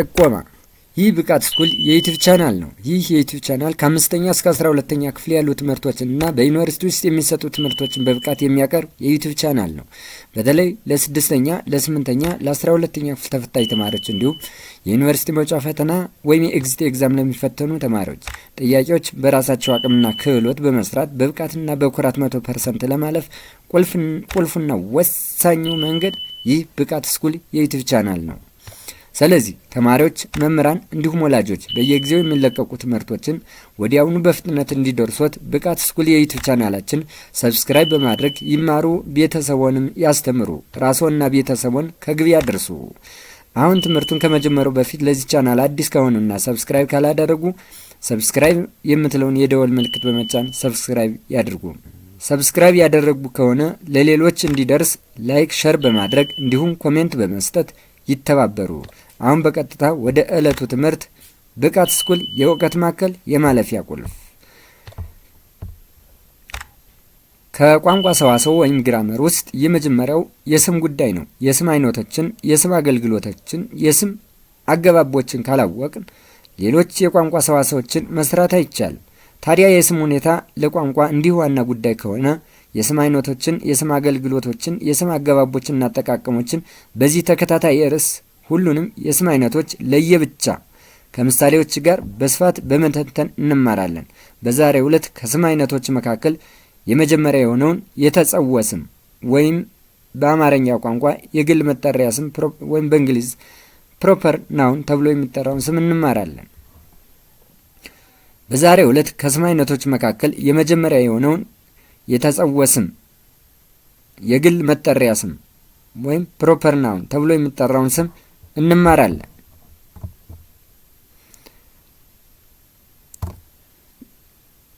ጥቆማ ይህ ብቃት ስኩል የዩቲዩብ ቻናል ነው። ይህ የዩቲዩብ ቻናል ከአምስተኛ እስከ አስራ ሁለተኛ ክፍል ያሉ ትምህርቶችን እና በዩኒቨርሲቲ ውስጥ የሚሰጡ ትምህርቶችን በብቃት የሚያቀርብ የዩቲዩብ ቻናል ነው። በተለይ ለስድስተኛ፣ ለስምንተኛ፣ ለአስራ ሁለተኛ ክፍል ተፈታኝ ተማሪዎች እንዲሁም የዩኒቨርሲቲ መውጫ ፈተና ወይም የኤግዚት ኤግዛም ለሚፈተኑ ተማሪዎች ጥያቄዎች በራሳቸው አቅምና ክህሎት በመስራት በብቃትና በኩራት መቶ ፐርሰንት ለማለፍ ቁልፍና ወሳኙ መንገድ ይህ ብቃት ስኩል የዩቲዩብ ቻናል ነው። ስለዚህ ተማሪዎች፣ መምህራን እንዲሁም ወላጆች በየጊዜው የሚለቀቁ ትምህርቶችን ወዲያውኑ በፍጥነት እንዲደርሶት ብቃት ስኩል የዩቱብ ቻናላችን ሰብስክራይብ በማድረግ ይማሩ፣ ቤተሰቦንም ያስተምሩ፣ ራስዎና ቤተሰቦን ከግብ ያድርሱ። አሁን ትምህርቱን ከመጀመሩ በፊት ለዚህ ቻናል አዲስ ከሆኑና ሰብስክራይብ ካላደረጉ ሰብስክራይብ የምትለውን የደወል ምልክት በመጫን ሰብስክራይብ ያድርጉ። ሰብስክራይብ ያደረጉ ከሆነ ለሌሎች እንዲደርስ ላይክ፣ ሸር በማድረግ እንዲሁም ኮሜንት በመስጠት ይተባበሩ። አሁን በቀጥታ ወደ ዕለቱ ትምህርት ብቃት ስኩል የእውቀት ማዕከል የማለፊያ ቁልፍ ከቋንቋ ሰዋሰው ወይም ግራመር ውስጥ የመጀመሪያው የስም ጉዳይ ነው። የስም አይነቶችን፣ የስም አገልግሎቶችን፣ የስም አገባቦችን ካላወቅን ሌሎች የቋንቋ ሰዋሰዎችን መስራት አይቻልም። ታዲያ የስም ሁኔታ ለቋንቋ እንዲህ ዋና ጉዳይ ከሆነ የስም አይነቶችን፣ የስም አገልግሎቶችን፣ የስም አገባቦችንና አጠቃቀሞችን በዚህ ተከታታይ ርዕስ ሁሉንም የስም አይነቶች ለየብቻ ከምሳሌዎች ጋር በስፋት በመተንተን እንማራለን። በዛሬ ዕለት ከስም አይነቶች መካከል የመጀመሪያ የሆነውን የተጸወስም ስም ወይም በአማርኛ ቋንቋ የግል መጠሪያ ስም ወይም በእንግሊዝ ፕሮፐር ናውን ተብሎ የሚጠራውን ስም እንማራለን። በዛሬ ዕለት ከስም አይነቶች መካከል የመጀመሪያ የሆነውን የተጸወስም ስም የግል መጠሪያ ስም ወይም ፕሮፐር ናውን ተብሎ የሚጠራውን ስም እንማራለን።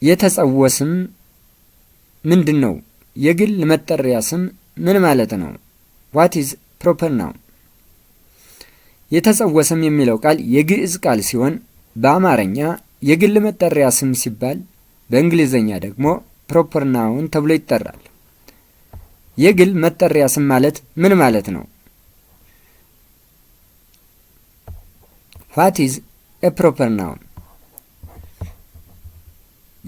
የተጸውዖ ስም ምንድን ነው? የግል መጠሪያ ስም ምን ማለት ነው? ዋት ኢዝ ፕሮፐር ናውን? የተጸውዖ ስም የሚለው ቃል የግዕዝ ቃል ሲሆን በአማርኛ የግል መጠሪያ ስም ሲባል በእንግሊዝኛ ደግሞ ፕሮፐር ናውን ተብሎ ይጠራል። የግል መጠሪያ ስም ማለት ምን ማለት ነው? ዋት ኢዝ ኤ ፕሮፐር ናውን?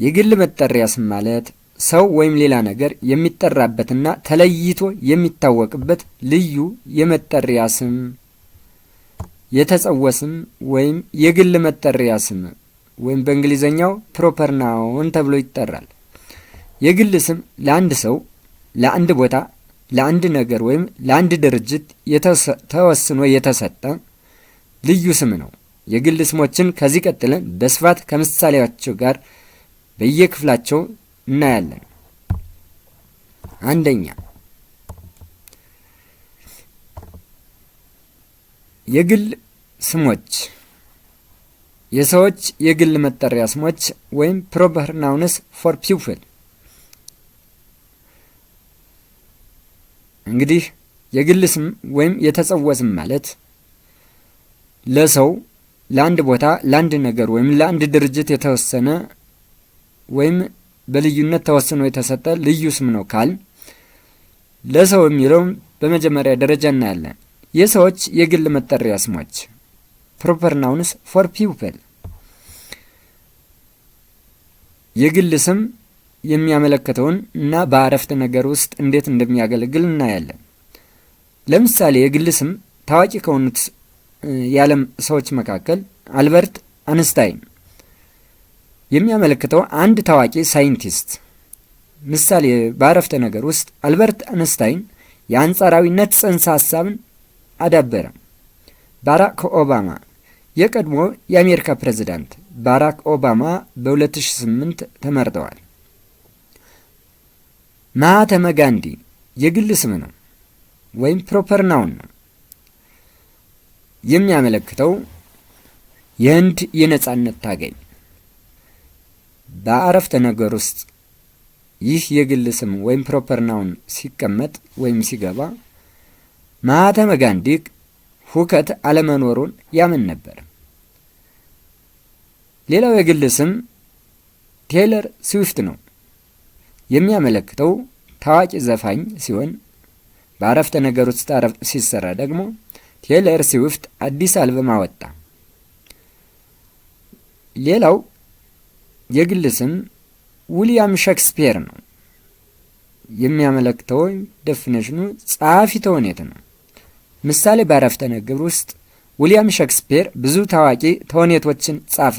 የግል መጠሪያ ስም ማለት ሰው ወይም ሌላ ነገር የሚጠራበትና ተለይቶ የሚታወቅበት ልዩ የመጠሪያ ስም፣ የተጸውዖ ስም ወይም የግል መጠሪያ ስም ወይም በእንግሊዘኛው ፕሮፐር ናውን ተብሎ ይጠራል። የግል ስም ለአንድ ሰው፣ ለአንድ ቦታ፣ ለአንድ ነገር ወይም ለአንድ ድርጅት ተወስኖ የተሰጠ ልዩ ስም ነው። የግል ስሞችን ከዚህ ቀጥለን በስፋት ከምሳሌያቸው ጋር በየክፍላቸው እናያለን። አንደኛ የግል ስሞች የሰዎች የግል መጠሪያ ስሞች ወይም ፕሮፐር ናውንስ ፎር ፒውፕል። እንግዲህ የግል ስም ወይም የተጸውዖ ስም ማለት ለሰው ለአንድ ቦታ ለአንድ ነገር ወይም ለአንድ ድርጅት የተወሰነ ወይም በልዩነት ተወስኖ የተሰጠ ልዩ ስም ነው ካል ለሰው የሚለውም በመጀመሪያ ደረጃ እናያለን። የሰዎች የግል መጠሪያ ስሞች ፕሮፐር ናውንስ ፎር ፒውፕል የግል ስም የሚያመለክተውን እና በአረፍተ ነገር ውስጥ እንዴት እንደሚያገለግል እናያለን። ለምሳሌ የግል ስም ታዋቂ ከሆኑት የዓለም ሰዎች መካከል አልበርት አንስታይን የሚያመለክተው አንድ ታዋቂ ሳይንቲስት ምሳሌ በአረፍተ ነገር ውስጥ አልበርት አንስታይን የአንጻራዊነት ጽንሰ ሀሳብን አዳበረ። ባራክ ኦባማ የቀድሞ የአሜሪካ ፕሬዚዳንት ባራክ ኦባማ በ2008 ተመርጠዋል። ማህተመ ጋንዲ የግል ስም ነው ወይም ፕሮፐር ናውን ነው። የሚያመለክተው የህንድ የነጻነት ታገኝ በአረፍተ ነገር ውስጥ ይህ የግል ስም ወይም ፕሮፐር ናውን ሲቀመጥ ወይም ሲገባ ማህተመ ጋንዲ ሁከት አለመኖሩን ያምን ነበር። ሌላው የግል ስም ቴይለር ስዊፍት ነው። የሚያመለክተው ታዋቂ ዘፋኝ ሲሆን በአረፍተ ነገር ውስጥ ሲሰራ ደግሞ ቴይለር ስዊፍት አዲስ አልበም አወጣ። ሌላው የግል ስም ዊሊያም ሸክስፒር ነው። የሚያመለክተው ደፍነሽኑ ጸሐፊ ተውኔት ነው። ምሳሌ በአረፍተ ነገር ውስጥ ዊሊያም ሸክስፒር ብዙ ታዋቂ ተውኔቶችን ጻፈ።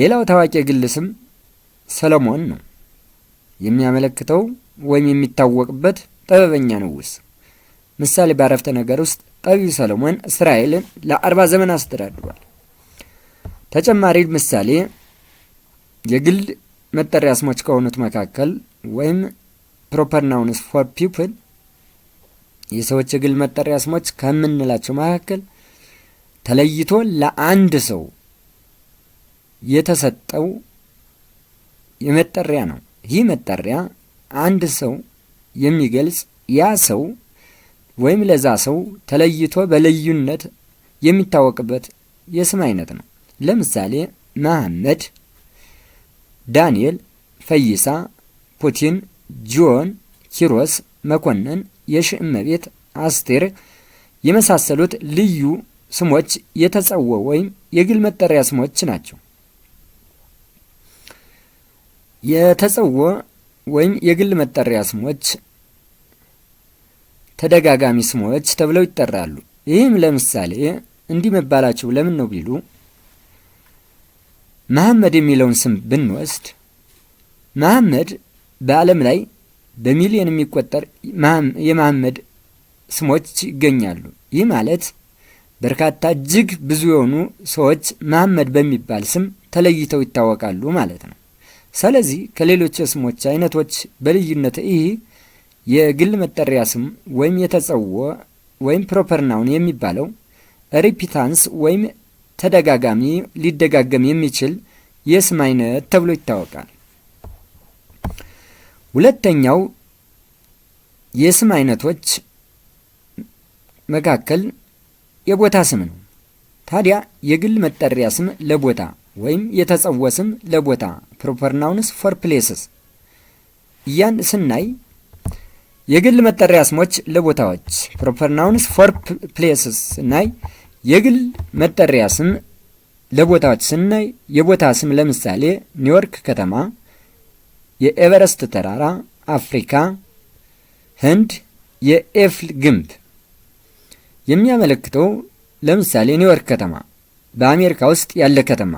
ሌላው ታዋቂ የግል ስም ሰለሞን ነው። የሚያመለክተው ወይም የሚታወቅበት ጥበበኛ ንጉስ ምሳሌ በአረፍተ ነገር ውስጥ ጠቢቡ ሰለሞን እስራኤልን ለአርባ ዘመን አስተዳድሯል። ተጨማሪ ምሳሌ የግል መጠሪያ ስሞች ከሆኑት መካከል ወይም ፕሮፐር ናውንስ ፎር ፒፕል የሰዎች የግል መጠሪያ ስሞች ከምንላቸው መካከል ተለይቶ ለአንድ ሰው የተሰጠው የመጠሪያ ነው። ይህ መጠሪያ አንድ ሰው የሚገልጽ ያ ሰው ወይም ለዛ ሰው ተለይቶ በልዩነት የሚታወቅበት የስም አይነት ነው። ለምሳሌ መሐመድ፣ ዳንኤል፣ ፈይሳ፣ ፑቲን፣ ጆን፣ ኪሮስ፣ መኮንን፣ የሽእመቤት፣ አስቴር የመሳሰሉት ልዩ ስሞች የተጸወ ወይም የግል መጠሪያ ስሞች ናቸው። የተጸወ ወይም የግል መጠሪያ ስሞች ተደጋጋሚ ስሞች ተብለው ይጠራሉ። ይህም ለምሳሌ እንዲህ መባላቸው ለምን ነው ቢሉ መሐመድ የሚለውን ስም ብንወስድ መሐመድ በዓለም ላይ በሚሊዮን የሚቆጠር የመሐመድ ስሞች ይገኛሉ። ይህ ማለት በርካታ እጅግ ብዙ የሆኑ ሰዎች መሐመድ በሚባል ስም ተለይተው ይታወቃሉ ማለት ነው። ስለዚህ ከሌሎች የስሞች አይነቶች በልዩነት ይህ የግል መጠሪያ ስም ወይም የተጸውዖ ወይም ፕሮፐር ናውን የሚባለው ሪፒታንስ ወይም ተደጋጋሚ ሊደጋገም የሚችል የስም አይነት ተብሎ ይታወቃል። ሁለተኛው የስም አይነቶች መካከል የቦታ ስም ነው። ታዲያ የግል መጠሪያ ስም ለቦታ ወይም የተጸውዖ ስም ለቦታ ፕሮፐር ናውንስ ፎር ፕሌስስ እያን ስናይ የግል መጠሪያ ስሞች ለቦታዎች ፕሮፐር ናውንስ ፎር ፕሌስስ ስናይ የግል መጠሪያ ስም ለቦታዎች ስናይ የቦታ ስም ለምሳሌ ኒውዮርክ ከተማ፣ የኤቨረስት ተራራ፣ አፍሪካ፣ ህንድ፣ የኤፍል ግንብ የሚያመለክተው ለምሳሌ ኒውዮርክ ከተማ በአሜሪካ ውስጥ ያለ ከተማ።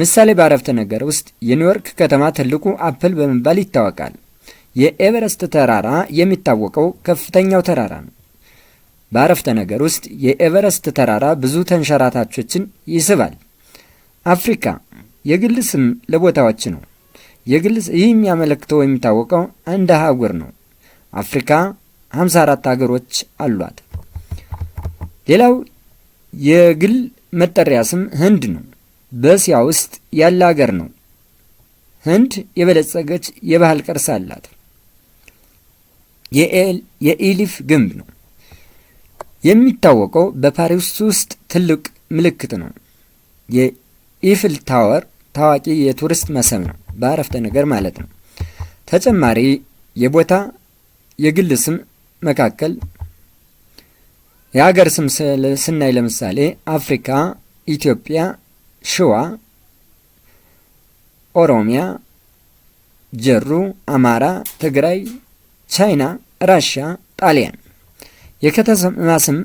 ምሳሌ በአረፍተ ነገር ውስጥ የኒውዮርክ ከተማ ትልቁ አፕል በመባል ይታወቃል። የኤቨረስት ተራራ የሚታወቀው ከፍተኛው ተራራ ነው። በአረፍተ ነገር ውስጥ የኤቨረስት ተራራ ብዙ ተንሸራታቾችን ይስባል። አፍሪካ የግል ስም ለቦታዎች ነው። የግል ይህ የሚያመለክተው የሚታወቀው አንድ አህጉር ነው። አፍሪካ 54 ሀገሮች አሏት። ሌላው የግል መጠሪያ ስም ህንድ ነው። በእስያ ውስጥ ያለ ሀገር ነው። ህንድ የበለጸገች የባህል ቅርስ አላት። የኢሊፍ ግንብ ነው። የሚታወቀው በፓሪስ ውስጥ ትልቅ ምልክት ነው። የኢፍል ታወር ታዋቂ የቱሪስት መስህብ ነው፣ በአረፍተ ነገር ማለት ነው። ተጨማሪ የቦታ የግል ስም መካከል የሀገር ስም ስናይ ለምሳሌ አፍሪካ፣ ኢትዮጵያ፣ ሽዋ፣ ኦሮሚያ፣ ጀሩ፣ አማራ፣ ትግራይ ቻይና፣ ራሽያ፣ ጣሊያን። የከተማ ስም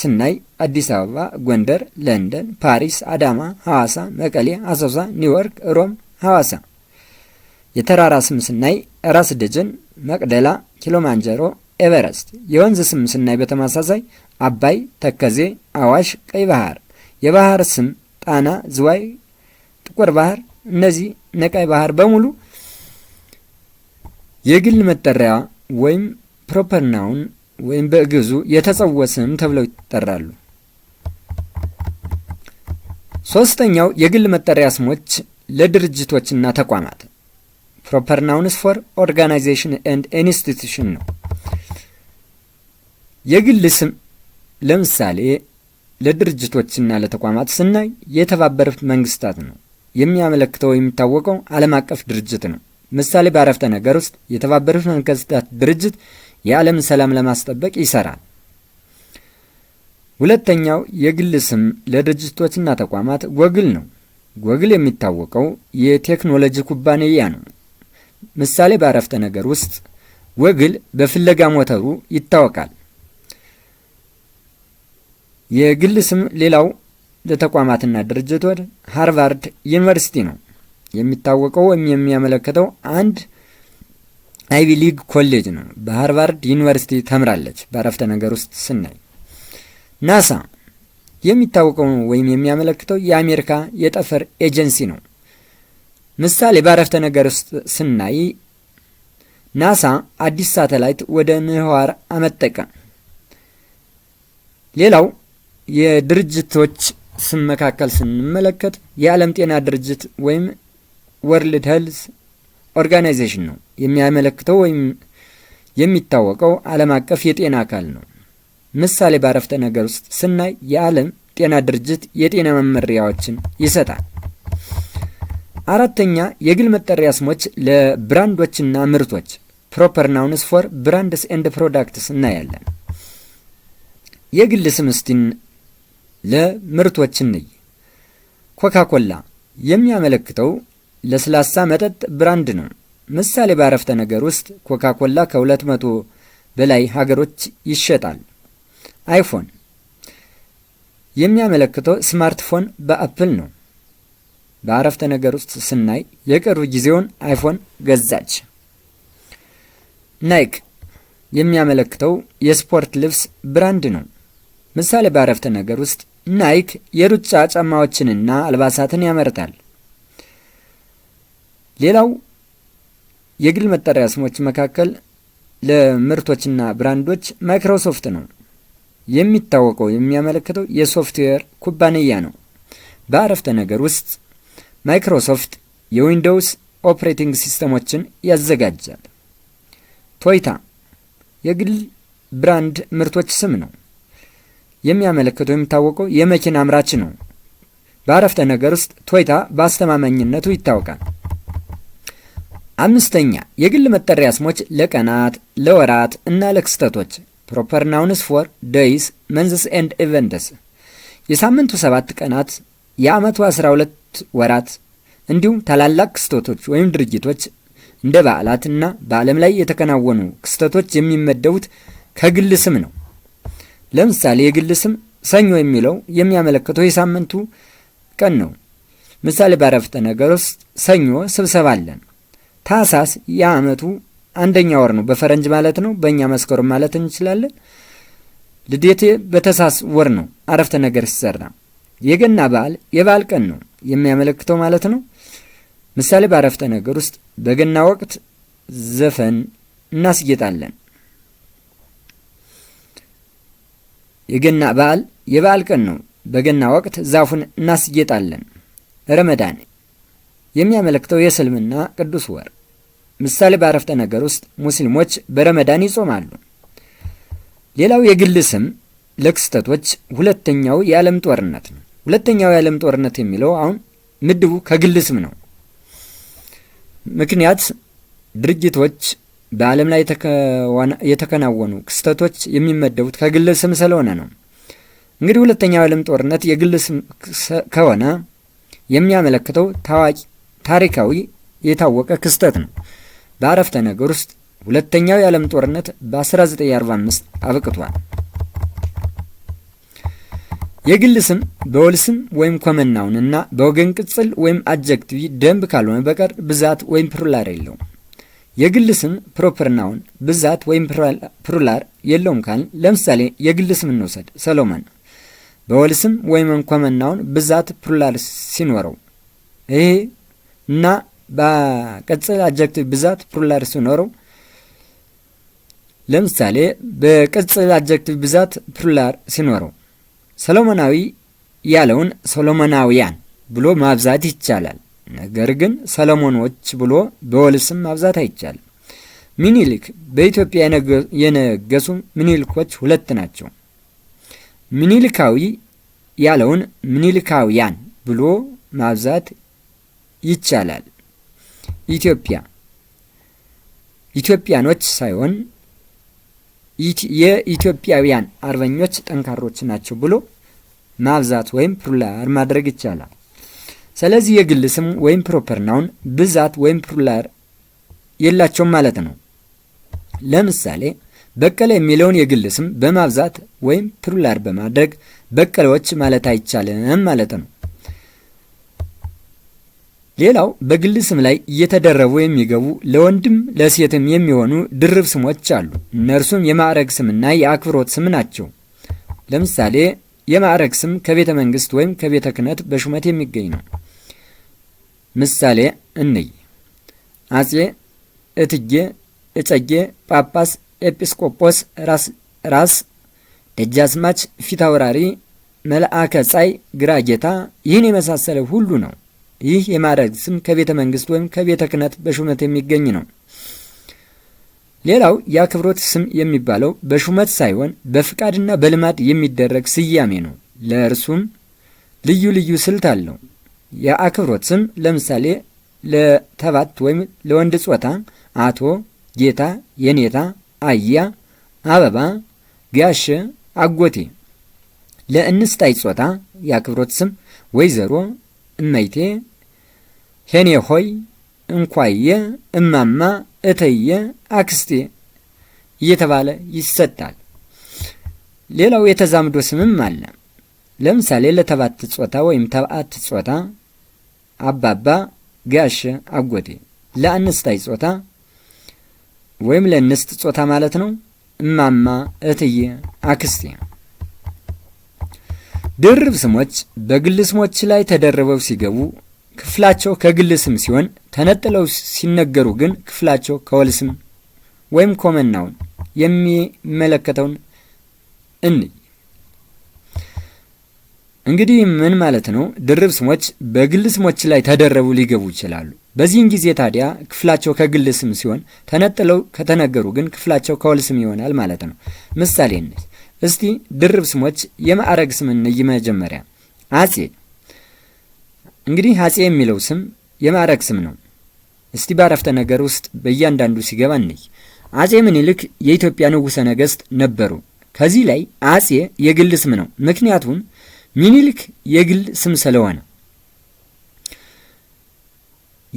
ስናይ አዲስ አበባ፣ ጎንደር፣ ለንደን፣ ፓሪስ፣ አዳማ፣ ሐዋሳ፣ መቀሌ፣ አሶሳ፣ ኒውዮርክ፣ ሮም፣ ሐዋሳ። የተራራ ስም ስናይ ራስ ደጀን፣ መቅደላ፣ ኪሎማንጀሮ፣ ኤቨረስት። የወንዝ ስም ስናይ በተመሳሳይ አባይ፣ ተከዜ፣ አዋሽ፣ ቀይ ባህር። የባህር ስም ጣና፣ ዝዋይ፣ ጥቁር ባህር። እነዚህ ነቀይ ባህር በሙሉ የግል መጠሪያ ወይም ፕሮፐር ናውን ወይም በግዙ የተጸውዖ ስም ተብለው ይጠራሉ። ሶስተኛው የግል መጠሪያ ስሞች ለድርጅቶችና ተቋማት ፕሮፐር ናውንስ ፎር ኦርጋናይዜሽን ኤንድ ኢንስቲቱሽን ነው። የግል ስም ለምሳሌ ለድርጅቶችና ለተቋማት ስናይ የተባበሩት መንግስታት ነው የሚያመለክተው የሚታወቀው ዓለም አቀፍ ድርጅት ነው። ምሳሌ በአረፍተ ነገር ውስጥ የተባበሩት መንግስታት ድርጅት የዓለምን ሰላም ለማስጠበቅ ይሰራል። ሁለተኛው የግል ስም ለድርጅቶችና ተቋማት ጎግል ነው። ጎግል የሚታወቀው የቴክኖሎጂ ኩባንያ ነው። ምሳሌ በአረፍተ ነገር ውስጥ ጎግል በፍለጋ ሞተሩ ይታወቃል። የግል ስም ሌላው ለተቋማትና ድርጅቶች ሃርቫርድ ዩኒቨርሲቲ ነው። የሚታወቀው ወይም የሚያመለክተው አንድ አይቪ ሊግ ኮሌጅ ነው። በሃርቫርድ ዩኒቨርሲቲ ተምራለች። በአረፍተ ነገር ውስጥ ስናይ ናሳ የሚታወቀው ወይም የሚያመለክተው የአሜሪካ የጠፈር ኤጀንሲ ነው። ምሳሌ በአረፍተ ነገር ውስጥ ስናይ ናሳ አዲስ ሳተላይት ወደ ምህዋር አመጠቀ። ሌላው የድርጅቶች ስም መካከል ስንመለከት የዓለም ጤና ድርጅት ወይም ወርልድ ሄልዝ ኦርጋናይዜሽን ነው የሚያመለክተው ወይም የሚታወቀው ዓለም አቀፍ የጤና አካል ነው። ምሳሌ በአረፍተ ነገር ውስጥ ስናይ የዓለም ጤና ድርጅት የጤና መመሪያዎችን ይሰጣል። አራተኛ የግል መጠሪያ ስሞች ለብራንዶችና ምርቶች ፕሮፐር ናውንስ ፎር ብራንድስ ኤንድ ፕሮዳክትስ እናያለን። የግል ስም እስቲን ለምርቶች እንይ። የሚያመለክተው ለስላሳ መጠጥ ብራንድ ነው። ምሳሌ በአረፍተ ነገር ውስጥ ኮካ ኮላ ከሁለት መቶ በላይ ሀገሮች ይሸጣል። አይፎን የሚያመለክተው ስማርትፎን በአፕል ነው። በአረፍተ ነገር ውስጥ ስናይ የቅርብ ጊዜውን አይፎን ገዛች። ናይክ የሚያመለክተው የስፖርት ልብስ ብራንድ ነው። ምሳሌ በአረፍተ ነገር ውስጥ ናይክ የሩጫ ጫማዎችንና አልባሳትን ያመርታል። ሌላው የግል መጠሪያ ስሞች መካከል ለምርቶችና ብራንዶች ማይክሮሶፍት ነው። የሚታወቀው የሚያመለክተው የሶፍትዌር ኩባንያ ነው። በአረፍተ ነገር ውስጥ ማይክሮሶፍት የዊንዶውስ ኦፕሬቲንግ ሲስተሞችን ያዘጋጃል። ቶይታ የግል ብራንድ ምርቶች ስም ነው። የሚያመለክተው የሚታወቀው የመኪና አምራች ነው። በአረፍተ ነገር ውስጥ ቶይታ በአስተማማኝነቱ ይታወቃል። አምስተኛ የግል መጠሪያ ስሞች ለቀናት፣ ለወራት እና ለክስተቶች ፕሮፐር ናውንስ ፎር ደይስ መንዝስ ኤንድ ኢቨንትስ የሳምንቱ ሰባት ቀናት፣ የዓመቱ 12 ወራት እንዲሁም ታላላቅ ክስተቶች ወይም ድርጊቶች እንደ በዓላት እና በዓለም ላይ የተከናወኑ ክስተቶች የሚመደቡት ከግል ስም ነው። ለምሳሌ የግል ስም ሰኞ የሚለው የሚያመለክተው የሳምንቱ ቀን ነው። ምሳሌ ባረፍተ ነገር ውስጥ ሰኞ ስብሰባ አለን። ታህሳስ የአመቱ አንደኛ ወር ነው። በፈረንጅ ማለት ነው። በእኛ መስከረም ማለት እንችላለን። ልደቴ በታህሳስ ወር ነው አረፍተ ነገር ሲሰራ። የገና በዓል የበዓል ቀን ነው የሚያመለክተው ማለት ነው። ምሳሌ በአረፍተ ነገር ውስጥ በገና ወቅት ዘፈን እናስጌጣለን። የገና በዓል የበዓል ቀን ነው። በገና ወቅት ዛፉን እናስጌጣለን። ረመዳን የሚያመለክተው የእስልምና ቅዱስ ወር ምሳሌ በአረፍተ ነገር ውስጥ ሙስሊሞች በረመዳን ይጾማሉ። ሌላው የግል ስም ለክስተቶች ሁለተኛው የዓለም ጦርነት ነው። ሁለተኛው የዓለም ጦርነት የሚለው አሁን ምድቡ ከግል ስም ነው። ምክንያት ድርጅቶች በዓለም ላይ የተከናወኑ ክስተቶች የሚመደቡት ከግል ስም ስለሆነ ነው። እንግዲህ ሁለተኛው የዓለም ጦርነት የግል ስም ከሆነ የሚያመለክተው ታዋቂ ታሪካዊ የታወቀ ክስተት ነው። በአረፍተ ነገር ውስጥ ሁለተኛው የዓለም ጦርነት በ1945 አብቅቷል። የግል ስም በወል ስም ወይም ኮመናውን እና በወገን ቅጽል ወይም አድጀክቲቭ ደንብ ካልሆነ በቀር ብዛት ወይም ፕሩላር የለውም። የግል ስም ፕሮፐርናውን ብዛት ወይም ፕሩላር የለውም ካል ለምሳሌ የግል ስም እንውሰድ። ሰሎሞን በወል ስም ወይም ኮመናውን ብዛት ፕሩላር ሲኖረው ይሄ እና በቅጽል አጀክቲቭ ብዛት ፕሩላር ሲኖረው ለምሳሌ በቅጽል አጀክቲቭ ብዛት ፕሩላር ሲኖረው ሰሎሞናዊ ያለውን ሰሎሞናውያን ብሎ ማብዛት ይቻላል። ነገር ግን ሰሎሞኖች ብሎ በወል ስም ማብዛት አይቻልም። ሚኒሊክ በኢትዮጵያ የነገሱ ሚኒሊኮች ሁለት ናቸው። ሚኒሊካዊ ያለውን ሚኒሊካውያን ብሎ ማብዛት ይቻላል። ኢትዮጵያ ኢትዮጵያኖች ሳይሆን የኢትዮጵያውያን አርበኞች ጠንካሮች ናቸው ብሎ ማብዛት ወይም ፕሩላር ማድረግ ይቻላል። ስለዚህ የግል ስም ወይም ፕሮፐር ናውን ብዛት ወይም ፕሉራል የላቸውም ማለት ነው። ለምሳሌ በቀለ የሚለውን የግል ስም በማብዛት ወይም ፕሩላር በማድረግ በቀለዎች ማለት አይቻልም ማለት ነው። ሌላው በግል ስም ላይ እየተደረቡ የሚገቡ ለወንድም ለሴትም የሚሆኑ ድርብ ስሞች አሉ። እነርሱም የማዕረግ ስምና የአክብሮት ስም ናቸው። ለምሳሌ የማዕረግ ስም ከቤተ መንግስት ወይም ከቤተ ክህነት በሹመት የሚገኝ ነው። ምሳሌ እንይ። አጼ፣ እትጌ፣ እጨጌ፣ ጳጳስ፣ ኤጲስቆጶስ፣ ራስ ራስ፣ ደጃዝማች፣ ፊታውራሪ፣ መልአከ ጻይ፣ ግራ ጌታ ይህን የመሳሰለ ሁሉ ነው። ይህ የማዕረግ ስም ከቤተ መንግስት ወይም ከቤተ ክህነት በሹመት የሚገኝ ነው። ሌላው የአክብሮት ስም የሚባለው በሹመት ሳይሆን በፍቃድና በልማድ የሚደረግ ስያሜ ነው። ለእርሱም ልዩ ልዩ ስልት አለው። የአክብሮት ስም ለምሳሌ ለተባት ወይም ለወንድ ጾታ አቶ፣ ጌታ፣ የኔታ፣ አያ፣ አበባ፣ ጋሽ፣ አጎቴ። ለእንስታይ ጾታ የአክብሮት ስም ወይዘሮ፣ እመይቴ ሄኔ ሆይ እንኳየ እማማ እተየ አክስቴ እየተባለ ይሰጣል። ሌላው የተዛምዶ ስምም አለ። ለምሳሌ ለተባት ጾታ ወይም ተባት ጾታ አባባ፣ ጋሸ አጎቴ። ለአንስታይ ጾታ ወይም ለእንስት ጾታ ማለት ነው እማማ፣ እትዬ፣ አክስቴ። ድርብ ስሞች በግል ስሞች ላይ ተደርበው ሲገቡ ክፍላቸው ከግል ስም ሲሆን ተነጥለው ሲነገሩ ግን ክፍላቸው ከወል ስም ወይም ኮመናውን የሚመለከተውን እንይ። እንግዲህ ምን ማለት ነው? ድርብ ስሞች በግል ስሞች ላይ ተደረቡ ሊገቡ ይችላሉ። በዚህን ጊዜ ታዲያ ክፍላቸው ከግል ስም ሲሆን ተነጥለው ከተነገሩ ግን ክፍላቸው ከወል ስም ይሆናል ማለት ነው። ምሳሌነት፣ እስቲ ድርብ ስሞች የማዕረግ ስም እንይ። መጀመሪያ አጼ እንግዲህ አጼ የሚለው ስም የማዕረግ ስም ነው። እስቲ ባረፍተ ነገር ውስጥ በእያንዳንዱ ሲገባ እንይ። አጼ ምኒልክ የኢትዮጵያ ንጉሠ ነገሥት ነበሩ። ከዚህ ላይ አጼ የግል ስም ነው፣ ምክንያቱም ሚኒልክ የግል ስም ስለሆነ።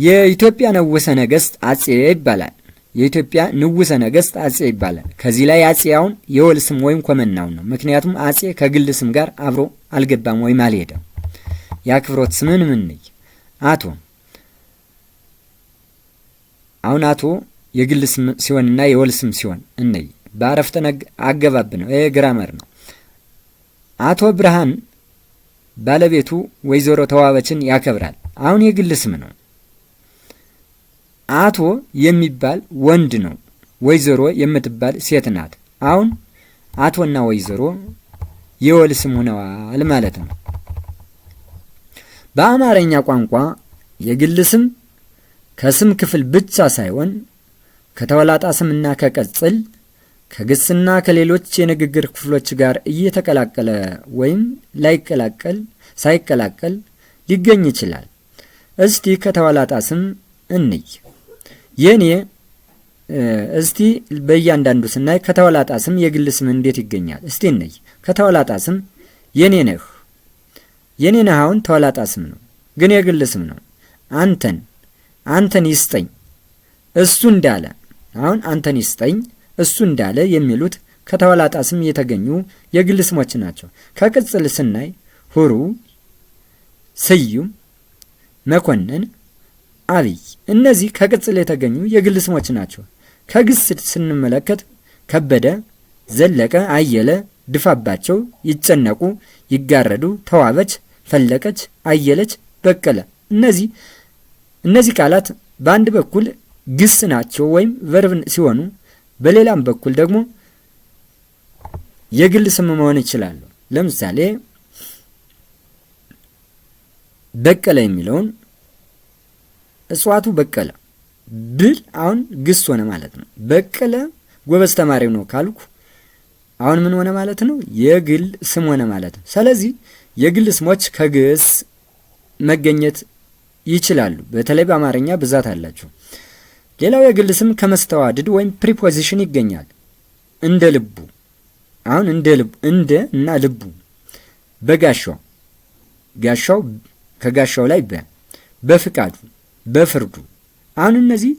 የኢትዮጵያ ንጉሠ ነገሥት አጼ ይባላል። የኢትዮጵያ ንጉሠ ነገሥት አጼ ይባላል። ከዚህ ላይ አጼ አሁን የወል ስም ወይም ኮመናውን ነው፣ ምክንያቱም አጼ ከግል ስም ጋር አብሮ አልገባም ወይም አልሄደም። የአክብሮት ስምን ምንይ አቶ አሁን አቶ የግል ስም ሲሆንና የወል ስም ሲሆን እንይ በአረፍተ አገባብ ነው። ይህ ግራመር ነው። አቶ ብርሃን ባለቤቱ ወይዘሮ ተዋበችን ያከብራል። አሁን የግል ስም ነው። አቶ የሚባል ወንድ ነው። ወይዘሮ የምትባል ሴት ናት። አሁን አቶና ወይዘሮ የወል ስም ሆነዋል ማለት ነው። በአማርኛ ቋንቋ የግል ስም ከስም ክፍል ብቻ ሳይሆን ከተወላጣ ስምና ከቀጽል ከግስና ከሌሎች የንግግር ክፍሎች ጋር እየተቀላቀለ ወይም ላይቀላቀል ሳይቀላቀል ሊገኝ ይችላል። እስቲ ከተወላጣ ስም እንይ። የኔ እስቲ በእያንዳንዱ ስናይ ከተወላጣ ስም የግል ስም እንዴት ይገኛል? እስቲ እንይ። ከተወላጣ ስም የኔ ነህ የኔነሐውን ተዋላጣ ስም ነው፣ ግን የግል ስም ነው። አንተን አንተን ይስጠኝ እሱ እንዳለ አሁን አንተን ይስጠኝ እሱ እንዳለ የሚሉት ከተዋላጣ ስም የተገኙ የግል ስሞች ናቸው። ከቅጽል ስናይ ሁሩ፣ ስዩም፣ መኮንን፣ አብይ እነዚህ ከቅጽል የተገኙ የግል ስሞች ናቸው። ከግስ ስንመለከት ከበደ፣ ዘለቀ፣ አየለ፣ ድፋባቸው፣ ይጨነቁ፣ ይጋረዱ፣ ተዋበች ፈለቀች፣ አየለች፣ በቀለ እነዚህ እነዚህ ቃላት በአንድ በኩል ግስ ናቸው ወይም ቨርብ ሲሆኑ በሌላም በኩል ደግሞ የግል ስም መሆን ይችላሉ። ለምሳሌ በቀለ የሚለውን እጽዋቱ በቀለ ብል አሁን ግስ ሆነ ማለት ነው። በቀለ ጎበዝ ተማሪው ነው ካልኩ አሁን ምን ሆነ ማለት ነው? የግል ስም ሆነ ማለት ነው። ስለዚህ የግል ስሞች ከግስ መገኘት ይችላሉ። በተለይ በአማርኛ ብዛት አላቸው። ሌላው የግል ስም ከመስተዋድድ ወይም ፕሪፖዚሽን ይገኛል። እንደ ልቡ አሁን እንደ ልቡ እንደ እና ልቡ በጋሻው ጋሻው ከጋሻው ላይ በ በፍቃዱ በፍርዱ አሁን እነዚህ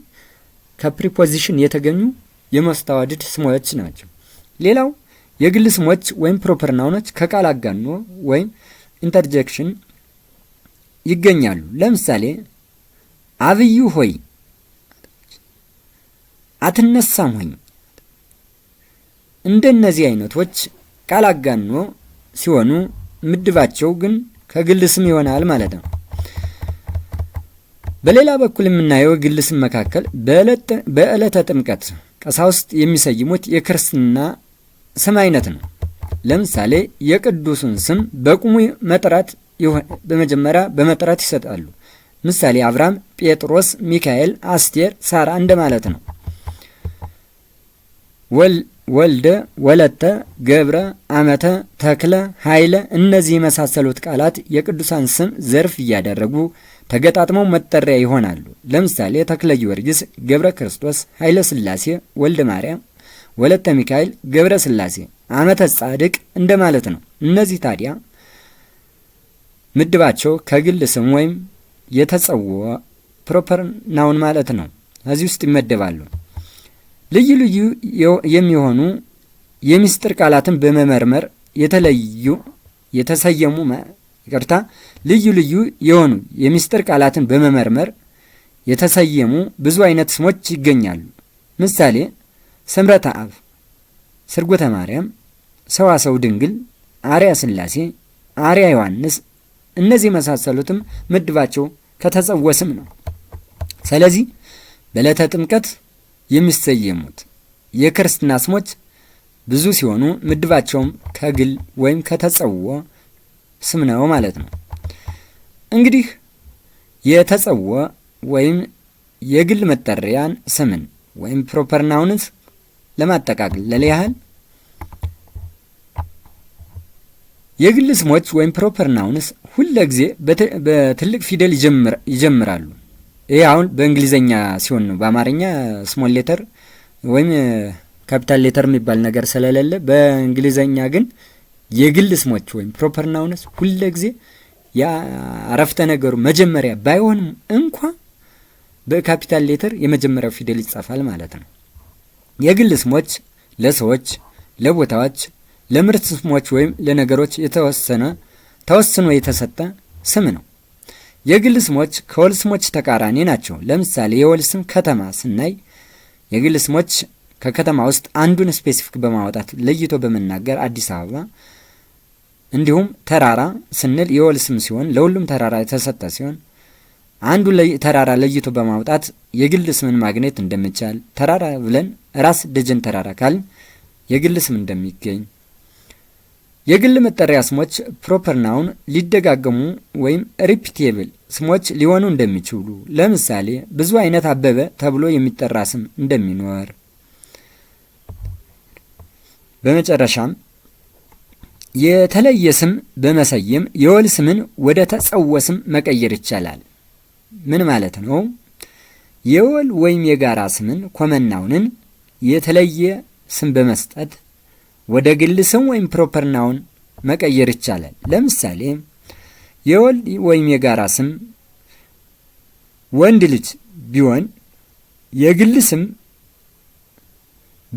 ከፕሪፖዚሽን የተገኙ የመስተዋድድ ስሞች ናቸው። ሌላው የግል ስሞች ወይም ፕሮፐር ናውኖች ከቃል አጋኖ ወይም ኢንተርጀክሽን ይገኛሉ። ለምሳሌ አብዩ ሆይ አትነሳም ሆኝ። እንደነዚህ አይነቶች ቃል አጋኖ ሲሆኑ ምድባቸው ግን ከግል ስም ይሆናል ማለት ነው። በሌላ በኩል የምናየው ግል ስም መካከል በዕለተ ጥምቀት ቀሳውስት የሚሰይሙት የክርስትና ስም አይነት ነው። ለምሳሌ የቅዱሱን ስም በቁሙ መጥራት በመጀመሪያ በመጥራት ይሰጣሉ። ምሳሌ አብርሃም፣ ጴጥሮስ፣ ሚካኤል፣ አስቴር፣ ሳራ እንደማለት ነው። ወልደ፣ ወለተ፣ ገብረ፣ አመተ፣ ተክለ፣ ኃይለ እነዚህ የመሳሰሉት ቃላት የቅዱሳን ስም ዘርፍ እያደረጉ ተገጣጥመው መጠሪያ ይሆናሉ። ለምሳሌ ተክለ ጊዮርጊስ፣ ገብረ ክርስቶስ፣ ኃይለ ስላሴ፣ ወልደ ማርያም ወለተ ሚካኤል ገብረ ስላሴ አመተ ጻድቅ እንደማለት ነው። እነዚህ ታዲያ ምድባቸው ከግል ስም ወይም የተጸወ ፕሮፐር ናውን ማለት ነው እዚህ ውስጥ ይመደባሉ። ልዩ ልዩ የሚሆኑ የሚስጥር ቃላትን በመመርመር የተለዩ የተሰየሙ ይቅርታ፣ ልዩ ልዩ የሆኑ የሚስጥር ቃላትን በመመርመር የተሰየሙ ብዙ አይነት ስሞች ይገኛሉ። ምሳሌ ስምረተ አብ፣ ስርጎተ ማርያም፣ ሰዋሰው ድንግል፣ አርያ ስላሴ አርያ ዮሐንስ እነዚህ የመሳሰሉትም ምድባቸው ከተጸወ ስም ነው። ስለዚህ በዕለተ ጥምቀት የሚሰየሙት የክርስትና ስሞች ብዙ ሲሆኑ ምድባቸውም ከግል ወይም ከተጸወ ስም ነው ማለት ነው። እንግዲህ የተጸወ ወይም የግል መጠሪያን ስምን ወይም ፕሮፐርናውንስ ለማጠቃለል ያህል የግል ስሞች ወይም ፕሮፐር ናውንስ ጊዜ በትልቅ ፊደል ይጀምራሉ። ይህ አሁን በእንግሊዘኛ ሲሆን ነው። በአማርኛ ስሞል ሌተር ወይም ካፒታል ሌተር የሚባል ነገር ስለሌለ፣ በእንግሊዘኛ ግን የግል ስሞች ወይም ፕሮፐር ናውንስ ጊዜ የአረፍተ ነገሩ መጀመሪያ ባይሆንም እንኳ በካፒታል ሌተር የመጀመሪያው ፊደል ይጻፋል ማለት ነው። የግል ስሞች ለሰዎች፣ ለቦታዎች፣ ለምርት ስሞች ወይም ለነገሮች የተወሰነ ተወስኖ የተሰጠ ስም ነው። የግል ስሞች ከወል ስሞች ተቃራኒ ናቸው። ለምሳሌ የወል ስም ከተማ ስናይ የግል ስሞች ከከተማ ውስጥ አንዱን ስፔሲፊክ በማውጣት ለይቶ በመናገር አዲስ አበባ፣ እንዲሁም ተራራ ስንል የወል ስም ሲሆን ለሁሉም ተራራ የተሰጠ ሲሆን አንዱ ተራራ ለይቶ በማውጣት የግል ስምን ማግኘት እንደሚቻል ተራራ ብለን ራስ ደጀን ተራራ ካል የግል ስም እንደሚገኝ የግል መጠሪያ ስሞች ፕሮፐር ናውን ሊደጋገሙ ወይም ሪፒቴብል ስሞች ሊሆኑ እንደሚችሉ ለምሳሌ ብዙ አይነት አበበ ተብሎ የሚጠራ ስም እንደሚኖር በመጨረሻም የተለየ ስም በመሰየም የወል ስምን ወደ ተጸወ ስም መቀየር ይቻላል። ምን ማለት ነው? የወል ወይም የጋራ ስምን ኮመናውንን የተለየ ስም በመስጠት ወደ ግል ስም ወይም ፕሮፐር ናውን መቀየር ይቻላል። ለምሳሌ የወል ወይም የጋራ ስም ወንድ ልጅ ቢሆን የግል ስም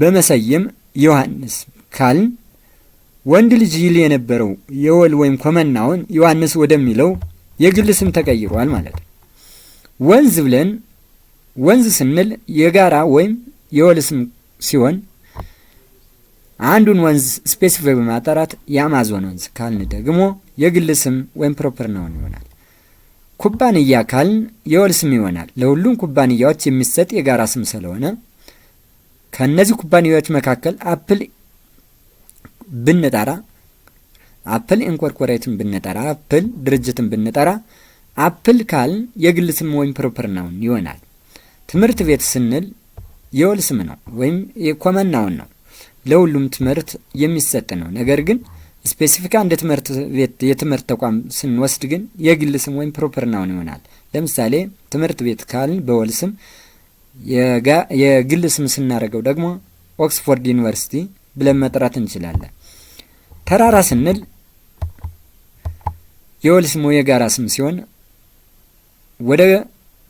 በመሰየም ዮሐንስ ካልን ወንድ ልጅ ይል የነበረው የወል ወይም ኮመናውን ዮሐንስ ወደሚለው የግል ስም ተቀይሯል ማለት ነው። ወንዝ ብለን ወንዝ ስንል የጋራ ወይም የወል ስም ሲሆን አንዱን ወንዝ ስፔሲፋይ በማጣራት የአማዞን ወንዝ ካልን ደግሞ የግል ስም ወይም ፕሮፐር ነውን ይሆናል። ኩባንያ ካልን የወል ስም ይሆናል። ለሁሉም ኩባንያዎች የሚሰጥ የጋራ ስም ስለሆነ ከእነዚህ ኩባንያዎች መካከል አፕል ብንጠራ፣ አፕል ኢንኮርፖሬትን ብንጠራ፣ አፕል ድርጅትን ብንጠራ አፕል ካል የግል ስም ወይም ፕሮፐር ናውን ይሆናል። ትምህርት ቤት ስንል የወል ስም ነው ወይም የኮመን ናውን ነው። ለሁሉም ትምህርት የሚሰጥ ነው። ነገር ግን ስፔሲፊካ እንደ ትምህርት ቤት የትምህርት ተቋም ስንወስድ ግን የግል ስም ወይም ፕሮፐር ናውን ይሆናል። ለምሳሌ ትምህርት ቤት ካልን በወል ስም፣ የግል ስም ስናደርገው ደግሞ ኦክስፎርድ ዩኒቨርሲቲ ብለን መጥራት እንችላለን። ተራራ ስንል የወል ስሙ የጋራ ስም ሲሆን ወደ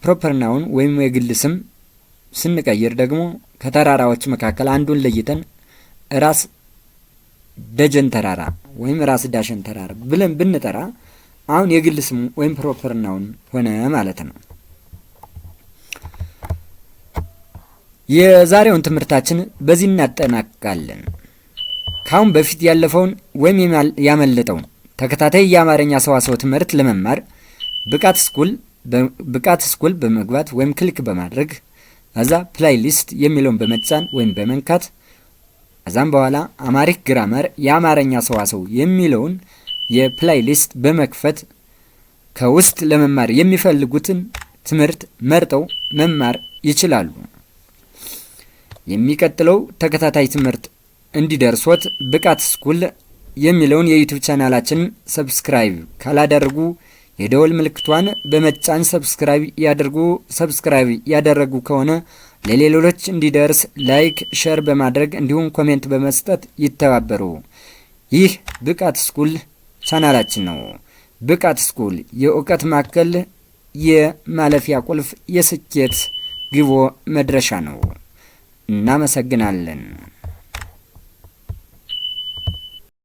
ፕሮፐር ናውን ወይም የግል ስም ስንቀይር ደግሞ ከተራራዎች መካከል አንዱን ለይተን ራስ ደጀን ተራራ ወይም ራስ ዳሸን ተራራ ብለን ብንጠራ አሁን የግል ስሙ ወይም ፕሮፐር ናውን ሆነ ማለት ነው። የዛሬውን ትምህርታችን በዚህ እናጠናቅቃለን። ከአሁን በፊት ያለፈውን ወይም ያመለጠውን ተከታታይ የአማርኛ ሰዋሰው ትምህርት ለመማር ብቃት ስኩል ብቃት ስኩል በመግባት ወይም ክሊክ በማድረግ ከዛ ፕላይሊስት የሚለውን በመጫን ወይም በመንካት ከዛም በኋላ አማሪክ ግራመር የአማርኛ ሰዋሰው የሚለውን የፕላይሊስት በመክፈት ከውስጥ ለመማር የሚፈልጉትን ትምህርት መርጠው መማር ይችላሉ። የሚቀጥለው ተከታታይ ትምህርት እንዲደርሶት ብቃት ስኩል የሚለውን የዩቱብ ቻናላችን ሰብስክራይብ ካላደረጉ የደወል ምልክቷን በመጫን ሰብስክራይብ ያደርጉ። ሰብስክራይብ ያደረጉ ከሆነ ለሌሎች እንዲደርስ ላይክ፣ ሸር በማድረግ እንዲሁም ኮሜንት በመስጠት ይተባበሩ። ይህ ብቃት ስኩል ቻናላችን ነው። ብቃት ስኩል የእውቀት ማዕከል፣ የማለፊያ ቁልፍ፣ የስኬት ግቦ መድረሻ ነው። እናመሰግናለን።